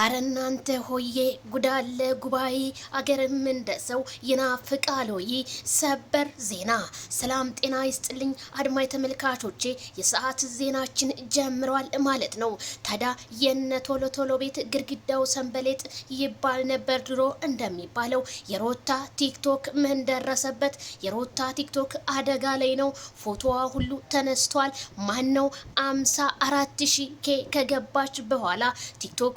አረ እናንተ ሆዬ ጉዳለ ጉባኤ አገርም እንደ ሰው ይናፍቃል ሆይ ሰበር ዜና። ሰላም ጤና ይስጥልኝ አድማይ ተመልካቾቼ፣ የሰዓት ዜናችን ጀምሯል ማለት ነው። ታዲያ የነ ቶሎ ቶሎ ቤት ግድግዳው ሰንበሌጥ ይባል ነበር ድሮ እንደሚባለው የሮታ ቲክቶክ ምን ደረሰበት? የሮታ ቲክቶክ አደጋ ላይ ነው። ፎቶዋ ሁሉ ተነስቷል። ማን ነው አምሳ አራት ሺ ኬ ከገባች በኋላ ቲክቶኳ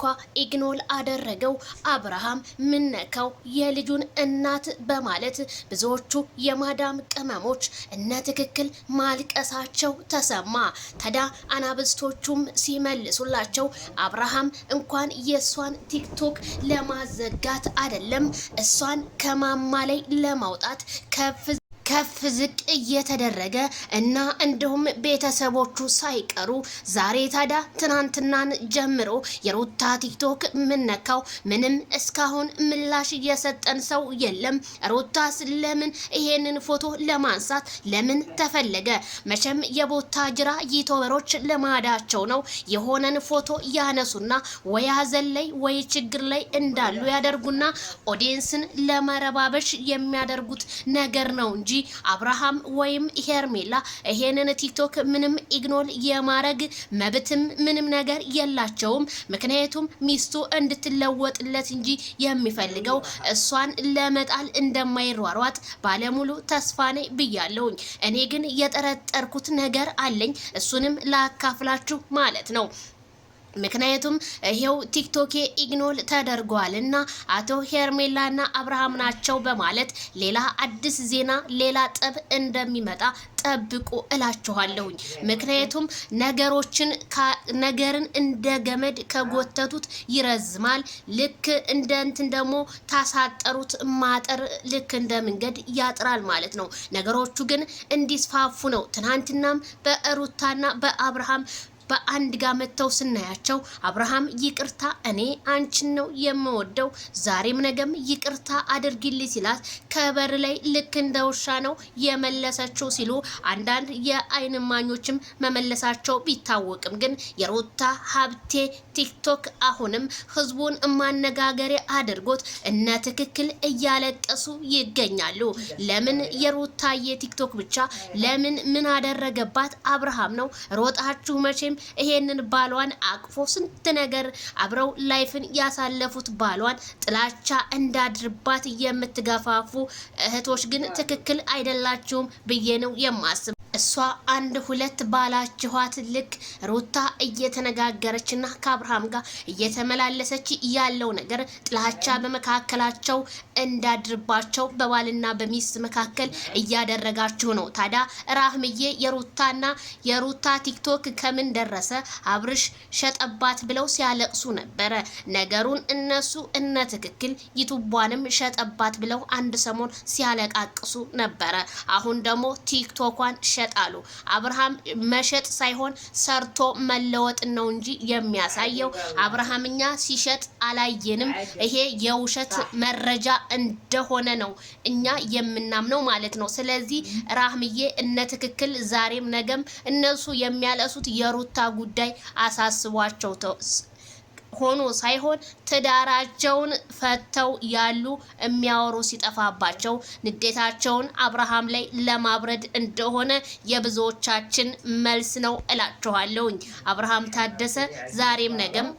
ኢግኖል አደረገው። አብርሃም ምነካው የልጁን እናት በማለት ብዙዎቹ የማዳም ቅመሞች እነ ትክክል ማልቀሳቸው ተሰማ። ተዳ አናብስቶቹም ሲመልሱላቸው አብርሃም እንኳን የእሷን ቲክቶክ ለማዘጋት አይደለም እሷን ከማማ ላይ ለማውጣት ከፍ ከፍ ዝቅ እየተደረገ እና እንዲሁም ቤተሰቦቹ ሳይቀሩ ዛሬ ታዳ ትናንትናን ጀምሮ የሩታ ቲክቶክ ምነካው ምንም እስካሁን ምላሽ እየሰጠን ሰው የለም። ሩታስ ለምን ይሄንን ፎቶ ለማንሳት ለምን ተፈለገ? መቼም ጅራ ዩቱበሮች ልማዳቸው ነው። የሆነን ፎቶ ያነሱና ወይ ሀዘን ላይ ወይ ችግር ላይ እንዳሉ ያደርጉና ኦዲየንስን ለመረባበሽ የሚያደርጉት ነገር ነው እንጂ አብርሃም ወይም ሄርሜላ ይሄንን ቲክቶክ ምንም ኢግኖር የማረግ መብትም ምንም ነገር የላቸውም። ምክንያቱም ሚስቱ እንድትለወጥለት እንጂ የሚፈልገው እሷን ለመጣል እንደማይሯሯጥ ባለሙሉ ተስፋ ነኝ ብያለሁኝ። እኔ ግን የጠረጠርኩት ነገር አለኝ እሱንም ላካፍላችሁ ማለት ነው። ምክንያቱም ይሄው ቲክቶኬ ኢግኖል ተደርጓል እና አቶ ሄርሜላና አብርሃም ናቸው በማለት ሌላ አዲስ ዜና ሌላ ጠብ እንደሚመጣ ጠብቁ እላችኋለሁኝ። ምክንያቱም ነገሮችን ነገርን እንደ ገመድ ከጎተቱት ይረዝማል። ልክ እንደ እንትን ደግሞ ታሳጠሩት ማጠር ልክ እንደ መንገድ ያጥራል ማለት ነው። ነገሮቹ ግን እንዲስፋፉ ነው። ትናንትናም በሩታና በአብርሃም በአንድ ጋር መጥተው ስናያቸው አብርሃም ይቅርታ፣ እኔ አንቺን ነው የምወደው፣ ዛሬም ነገም ይቅርታ አድርጊልኝ ሲላት ከበር ላይ ልክ እንደ ውሻ ነው የመለሰችው ሲሉ አንዳንድ የአይን ማኞችም መመለሳቸው ቢታወቅም ግን የሩታ ሀብቴ ቲክቶክ አሁንም ህዝቡን ማነጋገሪ አድርጎት እነ ትክክል እያለቀሱ ይገኛሉ። ለምን የሩታዬ የቲክቶክ ብቻ ለምን ምን አደረገባት አብርሃም ነው ሮጣችሁ መቼም ግን ይሄንን ባሏን አቅፎ ስንት ነገር አብረው ላይፍን ያሳለፉት ባሏን ጥላቻ እንዳድርባት የምትገፋፉ እህቶች ግን ትክክል አይደላችሁም ብዬ ነው የማስብ። እሷ አንድ ሁለት ባላችኋት ልክ ሩታ እየተነጋገረችና ከአብርሃም ጋር እየተመላለሰች ያለው ነገር ጥላቻ በመካከላቸው እንዳድርባቸው በባልና በሚስት መካከል እያደረጋችሁ ነው። ታዲያ ራህምዬ የሩታና የሩታ ቲክቶክ ከምን ደረሰ አብርሽ ሸጠባት ብለው ሲያለቅሱ ነበረ። ነገሩን እነሱ እነ ትክክል ዩቱቧንም ሸጠባት ብለው አንድ ሰሞን ሲያለቃቅሱ ነበረ። አሁን ደግሞ ቲክቶኳን መሸጥ አሉ። አብርሃም መሸጥ ሳይሆን ሰርቶ መለወጥ ነው እንጂ የሚያሳየው አብርሃም ሲሸጥ አላየንም። ይሄ የውሸት መረጃ እንደሆነ ነው እኛ የምናምነው ማለት ነው። ስለዚህ ራህምዬ እነ ትክክል ዛሬም ነገም እነሱ የሚያለሱት የሩታ ጉዳይ አሳስቧቸው ሆኖ ሳይሆን ትዳራቸውን ፈተው ያሉ የሚያወሩ ሲጠፋባቸው ንዴታቸውን አብርሃም ላይ ለማብረድ እንደሆነ የብዙዎቻችን መልስ ነው እላችኋለሁኝ። አብርሃም ታደሰ ዛሬም ነገም